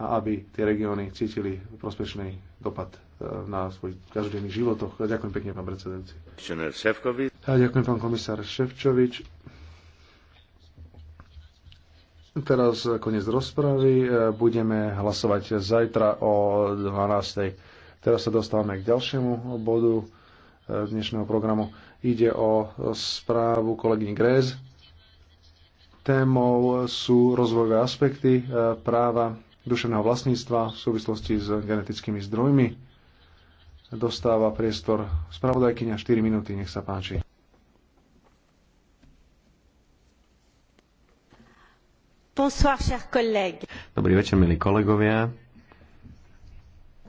a aby tie regióny cítili prospešný dopad e, na svoj každodenný životoch. Ďakujem pekne, pán predsedajúci. A ďakujem, pán komisár Ševčovič. Teraz koniec rozpravy. E, budeme hlasovať zajtra o 12. Teraz sa dostávame k ďalšiemu bodu e, dnešného programu. Ide o správu kolegyni Gréz. Témou sú rozvojové aspekty práva duševného vlastníctva v súvislosti s genetickými zdrojmi. Dostáva priestor spravodajkyňa 4 minúty, nech sa páči. Dobrý večer, milí kolegovia.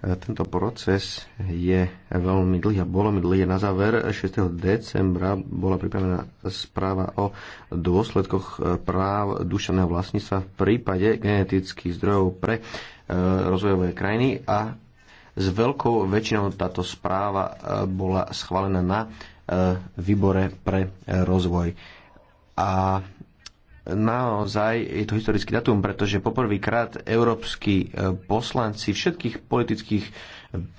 Tento proces je veľmi dlhý a bolo mi dlhý. Na záver 6. decembra bola pripravená správa o dôsledkoch práv duševného vlastníctva v prípade genetických zdrojov pre e, rozvojové krajiny a s veľkou väčšinou táto správa e, bola schválená na e, výbore pre rozvoj. A naozaj je to historický datum, pretože poprvýkrát európsky e, poslanci všetkých politických e,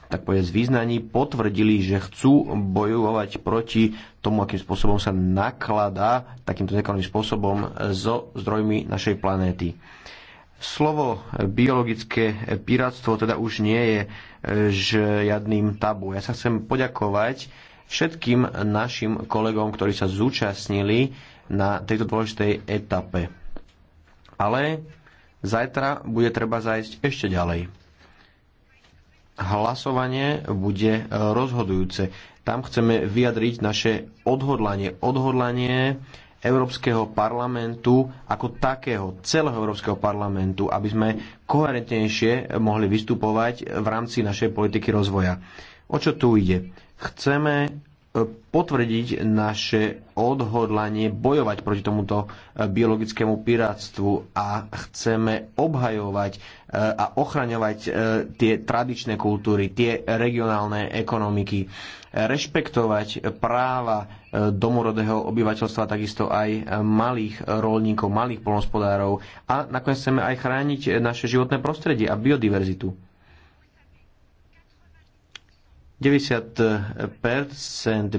tak povedať, význaní potvrdili, že chcú bojovať proti tomu, akým spôsobom sa nakladá takýmto nekalým spôsobom e, so zdrojmi našej planéty. Slovo biologické piráctvo teda už nie je žiadnym tabu. Ja sa chcem poďakovať všetkým našim kolegom, ktorí sa zúčastnili na tejto dôležitej etape. Ale zajtra bude treba zajsť ešte ďalej. Hlasovanie bude e, rozhodujúce. Tam chceme vyjadriť naše odhodlanie. Odhodlanie Európskeho parlamentu ako takého, celého Európskeho parlamentu, aby sme koherentnejšie mohli vystupovať v rámci našej politiky rozvoja. O čo tu ide? Chceme potvrdiť naše odhodlanie bojovať proti tomuto e, biologickému pirátstvu a chceme obhajovať e, a ochraňovať e, tie tradičné kultúry, tie regionálne ekonomiky, rešpektovať práva domorodého obyvateľstva, takisto aj malých rolníkov, malých polnospodárov a nakoniec chceme aj chrániť naše životné prostredie a biodiverzitu. 90%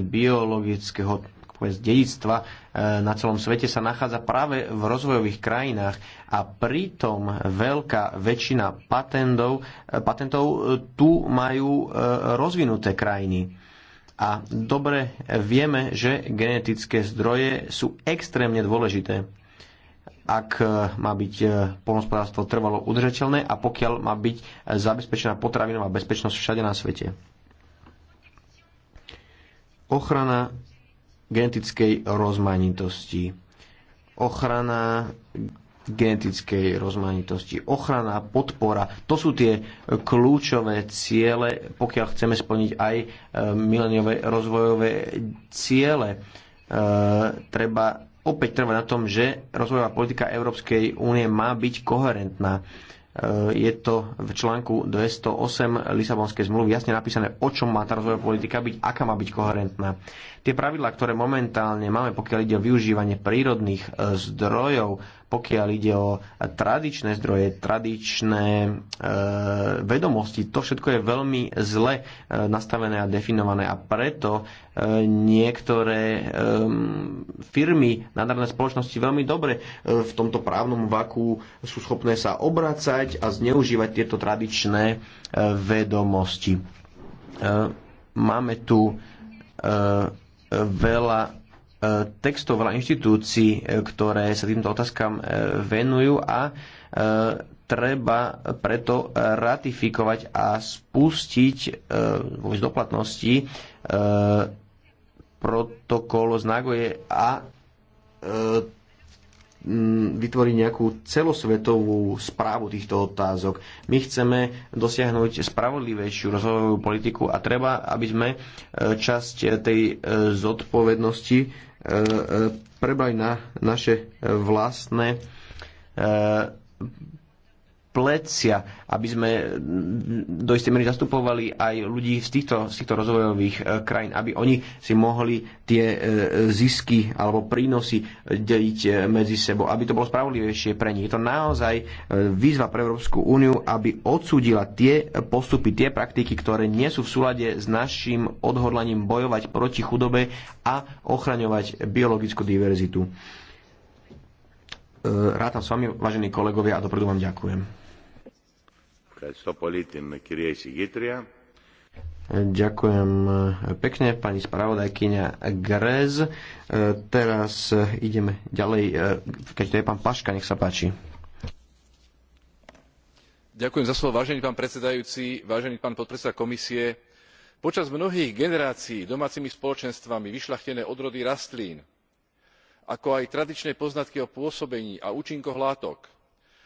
biologického povedz, dedictva eh, na celom svete sa nachádza práve v rozvojových krajinách a pritom veľká väčšina patentov, eh, patentov eh, tu majú rozvinuté krajiny. A dobre vieme, že genetické zdroje sú extrémne dôležité ak má byť polnospodárstvo trvalo udržateľné a pokiaľ má byť zabezpečená potravinová bezpečnosť všade na svete. Ochrana genetickej rozmanitosti, ochrana genetickej rozmanitosti, ochrana, podpora. To sú tie kľúčové ciele, pokiaľ chceme splniť aj e, mileniové rozvojové ciele. E, treba opäť trvať na tom, že rozvojová politika Európskej únie má byť koherentná. Eh, je to v článku 208 Lisabonskej zmluvy jasne napísané, o čom má tá rozvojová politika byť, aká má byť koherentná. Tie pravidlá, ktoré momentálne máme, pokiaľ ide o využívanie prírodných eh, zdrojov pokiaľ ide o tradičné zdroje, tradičné e, vedomosti, to všetko je veľmi zle e, nastavené a definované a preto e, niektoré e, firmy, nadarné spoločnosti veľmi dobre e, v tomto právnom vaku sú schopné sa obracať a zneužívať tieto tradičné e, vedomosti. E, máme tu e, veľa textov, veľa inštitúcií, e, ktoré sa týmto otázkam e, venujú a e, treba preto ratifikovať a spustiť vôbec do platnosti protokol z Nagoje a vytvoriť nejakú celosvetovú správu týchto otázok. My chceme dosiahnuť spravodlivejšiu rozvojovú politiku a treba, aby sme časť tej zodpovednosti E, e, prebaj na naše vlastné e, plecia, aby sme do istej miery zastupovali aj ľudí z týchto, z týchto rozvojových eh, krajín, aby oni si mohli tie eh, zisky alebo prínosy deliť eh, medzi sebou, aby to bolo spravodlivejšie pre nich. Je to naozaj výzva pre Európsku úniu, aby odsúdila tie postupy, tie praktiky, ktoré nie sú v súlade s našim odhodlaním bojovať proti chudobe a ochraňovať biologickú diverzitu. Rátam s vami, vážení kolegovia, a dopredu vám ďakujem. Ďakujem pekne, pani spravodajkyňa Grez. Teraz ideme ďalej. Keď to je pán Paška, nech sa páči. Ďakujem za slovo, vážený pán predsedajúci, vážený pán podpredseda komisie. Počas mnohých generácií domácimi spoločenstvami vyšľachtené odrody rastlín, ako aj tradičné poznatky o pôsobení a účinkoch látok,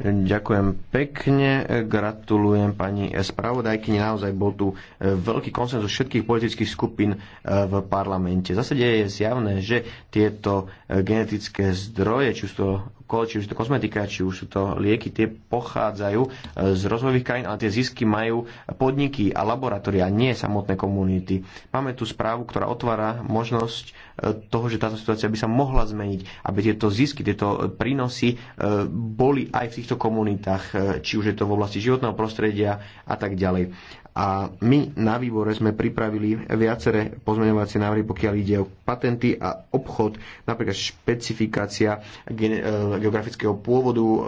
Ďakujem pekne, gratulujem pani spravodajkyni. Naozaj bol tu e, veľký konsenzus všetkých politických skupín e, v parlamente. Zase je zjavné, že tieto e, genetické zdroje, či už to či už je to kozmetika, či už sú to lieky, tie pochádzajú e, z rozvojových krajín, ale tie zisky majú podniky a laboratória, nie samotné komunity. Máme tu správu, ktorá otvára možnosť e, toho, že táto situácia by sa mohla zmeniť, aby tieto zisky, tieto prínosy e, boli aj v týchto komunitách, či už je to v oblasti životného prostredia a tak ďalej. A my na výbore sme pripravili viaceré pozmeňovacie návrhy, pokiaľ ide o patenty a obchod, napríklad špecifikácia e, geografického pôvodu, e,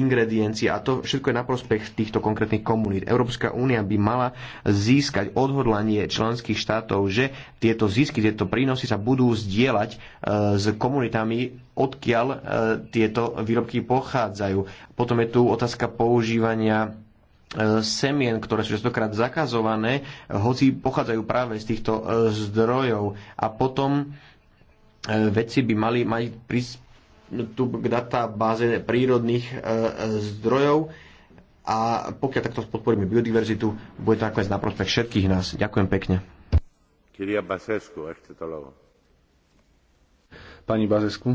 ingrediencie a to všetko je na prospech týchto konkrétnych komunít. Európska únia by mala získať odhodlanie členských štátov, že tieto zisky, tieto prínosy sa budú zdieľať e, s komunitami odkiaľ tieto výrobky pochádzajú. Potom je tu otázka používania E, semien, ktoré sú častokrát zakazované, hoci pochádzajú práve z týchto e, zdrojov. A potom e, vedci by mali mať prístup k databáze prírodných zdrojov a pokiaľ takto podporíme biodiverzitu, bude to nakoniec na prospech všetkých nás. Ďakujem pekne. Pani Bazesku.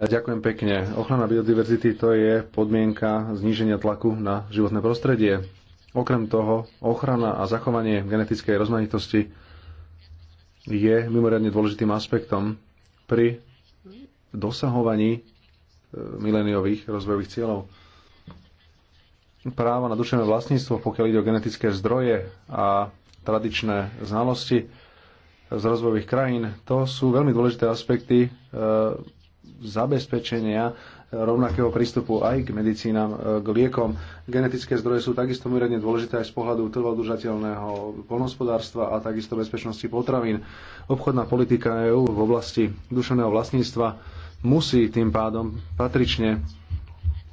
Ďakujem pekne. Ochrana biodiverzity to je podmienka zníženia tlaku na životné prostredie. Okrem toho, ochrana a zachovanie genetickej rozmanitosti je mimoriadne dôležitým aspektom pri dosahovaní e, mileniových rozvojových cieľov. Práva na duševné vlastníctvo, pokiaľ ide o genetické zdroje a tradičné znalosti z rozvojových krajín, to sú veľmi dôležité aspekty e, zabezpečenia rovnakého prístupu aj k medicínam, e, k liekom. Genetické zdroje sú takisto mimoriadne dôležité aj z pohľadu trvodržateľného polnospodárstva a takisto bezpečnosti potravín. Obchodná politika EÚ v oblasti dušeného vlastníctva musí tým pádom patrične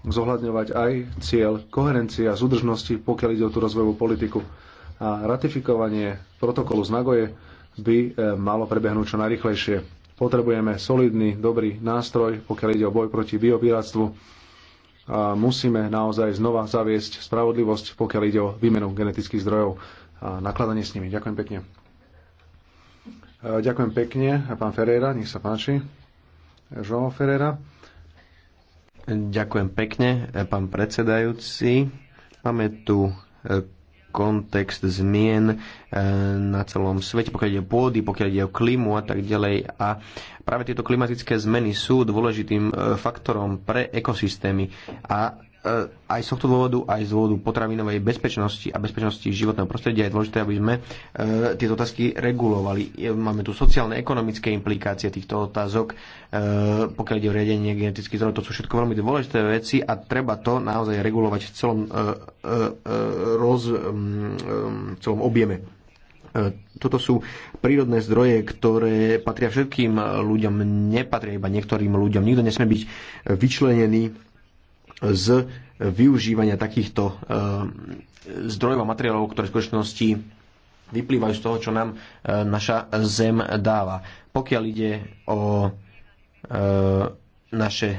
zohľadňovať aj cieľ koherencie a súdržnosti, pokiaľ ide o tú rozvojovú politiku. A ratifikovanie protokolu z Nagoje by e, malo prebehnúť čo najrychlejšie. Potrebujeme solidný, dobrý nástroj, pokiaľ ide o boj proti biopiráctvu. A musíme naozaj znova zaviesť spravodlivosť, pokiaľ ide o výmenu genetických zdrojov a nakladanie s nimi. Ďakujem pekne. E, ďakujem pekne. A pán Ferreira, nech sa páči. João Ferreira. Ďakujem pekne, e, pán predsedajúci. Máme tu e, kontext zmien e, na celom svete, pokiaľ ide o pôdy, pokiaľ ide o klímu a tak ďalej. A práve tieto klimatické zmeny sú dôležitým e, faktorom pre ekosystémy a E, aj z tohto dôvodu, aj z dôvodu potravinovej bezpečnosti a bezpečnosti životného prostredia je dôležité, aby sme e, tieto otázky regulovali. Máme tu sociálne, ekonomické implikácie týchto otázok, e, pokiaľ ide o riadenie genetických zdrojov. To sú všetko veľmi dôležité veci a treba to naozaj regulovať v celom, roz, v celom objeme. Toto sú prírodné zdroje, ktoré patria všetkým ľuďom, nepatria iba niektorým ľuďom. Nikto nesme byť vyčlenený z využívania takýchto eh, zdrojov a materiálov, ktoré v skutočnosti vyplývajú z toho, čo nám eh, naša zem dáva. Pokiaľ ide o eh, naše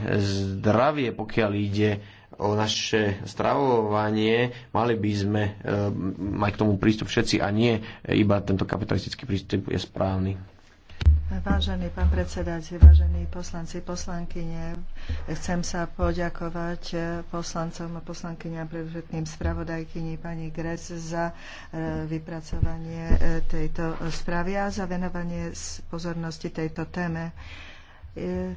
zdravie, pokiaľ ide o naše stravovanie, mali by sme mať k tomu prístup všetci a nie iba tento kapitalistický prístup je správny. Vážený pán predsedáci, vážení poslanci, poslankyne, chcem sa poďakovať poslancom a poslankyňam, predovšetkým spravodajkyni pani Grec za e, vypracovanie e, tejto správy a za venovanie pozornosti tejto téme e,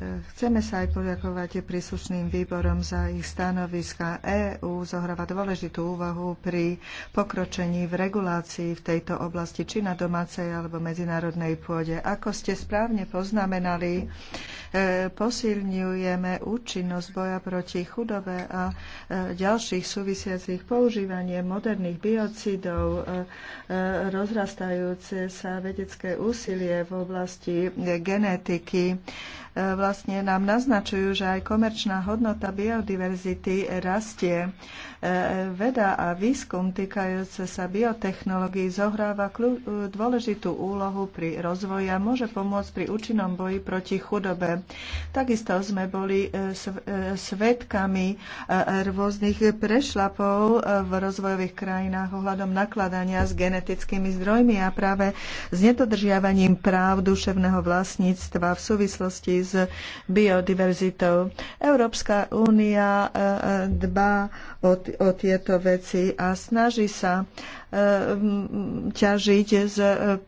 Chceme sa aj poďakovať príslušným výborom za ich stanoviska. EÚ zohráva dôležitú úvahu pri pokročení v regulácii v tejto oblasti, či na domácej alebo medzinárodnej pôde. Ako ste správne poznamenali, e, posilňujeme účinnosť boja proti chudobe a e, ďalších súvisiacich používanie moderných biocidov, e, rozrastajúce sa vedecké úsilie v oblasti genetiky, vlastne vlastne nám naznačujú, že aj komerčná hodnota biodiverzity rastie. E, veda a výskum týkajúce sa biotechnológií zohráva e, dôležitú úlohu pri rozvoji a môže pomôcť pri účinnom boji proti chudobe. Takisto sme boli e, svedkami rôznych prešlapov v rozvojových krajinách ohľadom nakladania s genetickými zdrojmi a práve s nedodržiavaním práv duševného vlastníctva v súvislosti s biodiverzitou. Európska únia e, e, dbá o, o tieto veci a snaží sa e, ťažiť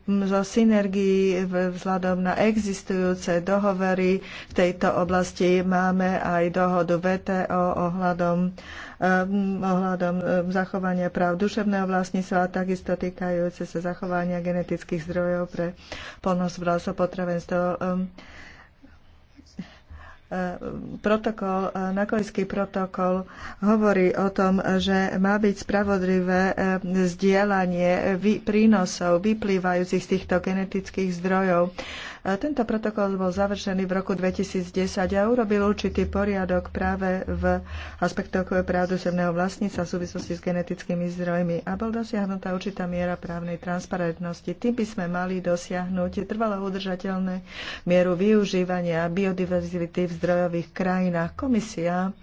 zo synergií vzhľadom na existujúce dohovory. V tejto oblasti máme aj dohodu VTO ohľadom ohľadom zachovania práv duševného vlastníctva a takisto týkajúce sa zachovania genetických zdrojov pre polnospodárstvo, potravenstvo protokol, nakojský protokol hovorí o tom, že má byť spravodlivé vzdielanie eh, prínosov vyplývajúcich z týchto genetických zdrojov. Eh, tento protokol bol završený v roku 2010 a urobil určitý poriadok práve v aspektoch práv zemného vlastníca v súvislosti s genetickými zdrojmi a bol dosiahnutá určitá miera právnej transparentnosti. Tým by sme mali dosiahnuť trvalo udržateľné mieru využívania biodiverzity v zdrojových krajinách. Komisia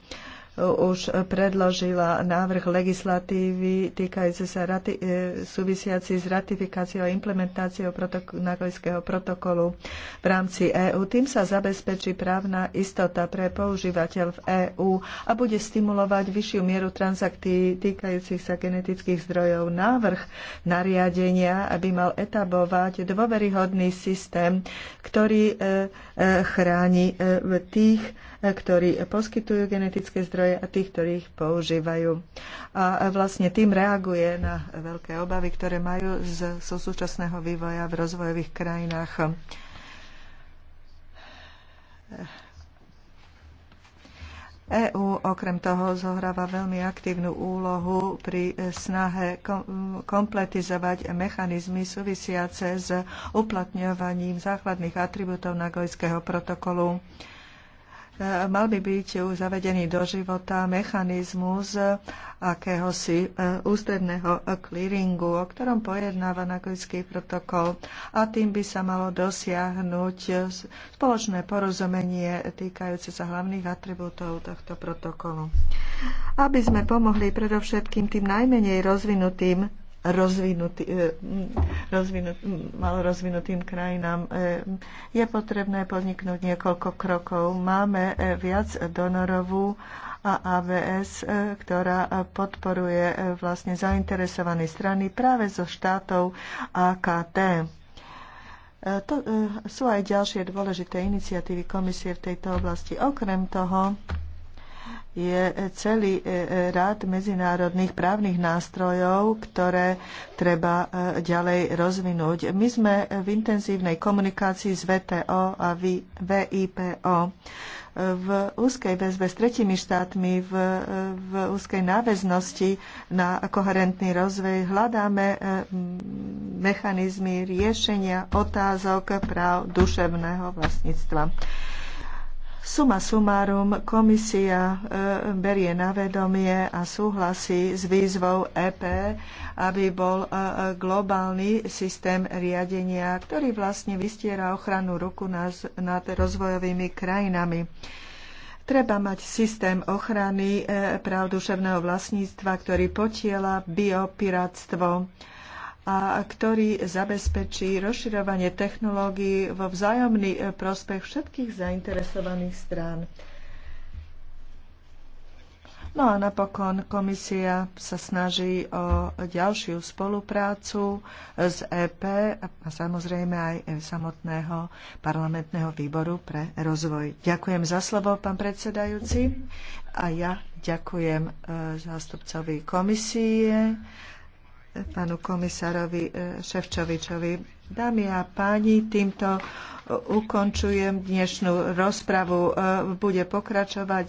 už predložila návrh legislatívy týkajúce sa rati- e, súvisiaci s ratifikáciou a implementáciou protok- Nagojského protokolu v rámci EÚ. Tým sa zabezpečí právna istota pre používateľ v EÚ a bude stimulovať vyššiu mieru transakcií týkajúcich sa genetických zdrojov. Návrh nariadenia aby mal etabovať dôveryhodný systém, ktorý e, e, chráni tých, ktorí poskytujú genetické zdroje zdroje a tých, ktorí ich používajú. A vlastne tým reaguje na veľké obavy, ktoré majú z súčasného vývoja v rozvojových krajinách. EÚ e okrem toho zohráva veľmi aktívnu úlohu pri snahe kompletizovať mechanizmy súvisiace s uplatňovaním základných atribútov Nagojského protokolu mal by byť zavedený do života mechanizmus akéhosi e, ústredného clearingu, o ktorom pojednáva Nagojský protokol a tým by sa malo dosiahnuť spoločné porozumenie týkajúce sa hlavných atribútov tohto protokolu. Aby sme pomohli predovšetkým tým najmenej rozvinutým rozvinutý, e, rozvinutý, malo rozvinutým krajinám. E, je potrebné podniknúť niekoľko krokov. Máme e, viac donorovú a ABS, ktorá podporuje vlastne zainteresované strany práve zo štátov AKT. To sú aj ďalšie dôležité iniciatívy komisie v tejto oblasti. Okrem toho, je celý e, e, rad medzinárodných právnych nástrojov, ktoré treba e, ďalej rozvinúť. My sme v intenzívnej komunikácii s VTO a VIPO v úzkej väzbe s tretimi štátmi, v, v úzkej náväznosti na koherentný rozvoj. Hľadáme mechanizmy riešenia otázok práv duševného vlastníctva. Suma sumárum, komisia e, berie na vedomie a súhlasí s výzvou EP, aby bol e, e, globálny systém riadenia, ktorý vlastne vystiera ochranu ruku nad rozvojovými krajinami treba mať systém ochrany práv duševného vlastníctva, ktorý potiela biopiráctvo a ktorý zabezpečí rozširovanie technológií vo vzájomný e, prospech všetkých zainteresovaných strán. No a napokon komisia sa snaží o ďalšiu spoluprácu s EP a samozrejme aj samotného parlamentného výboru pre rozvoj. Ďakujem za slovo, pán predsedajúci. A ja ďakujem e, zástupcovi komisie pánu komisárovi e, Ševčovičovi. Dámy a páni, týmto ukončujem dnešnú rozpravu. E, bude pokračovať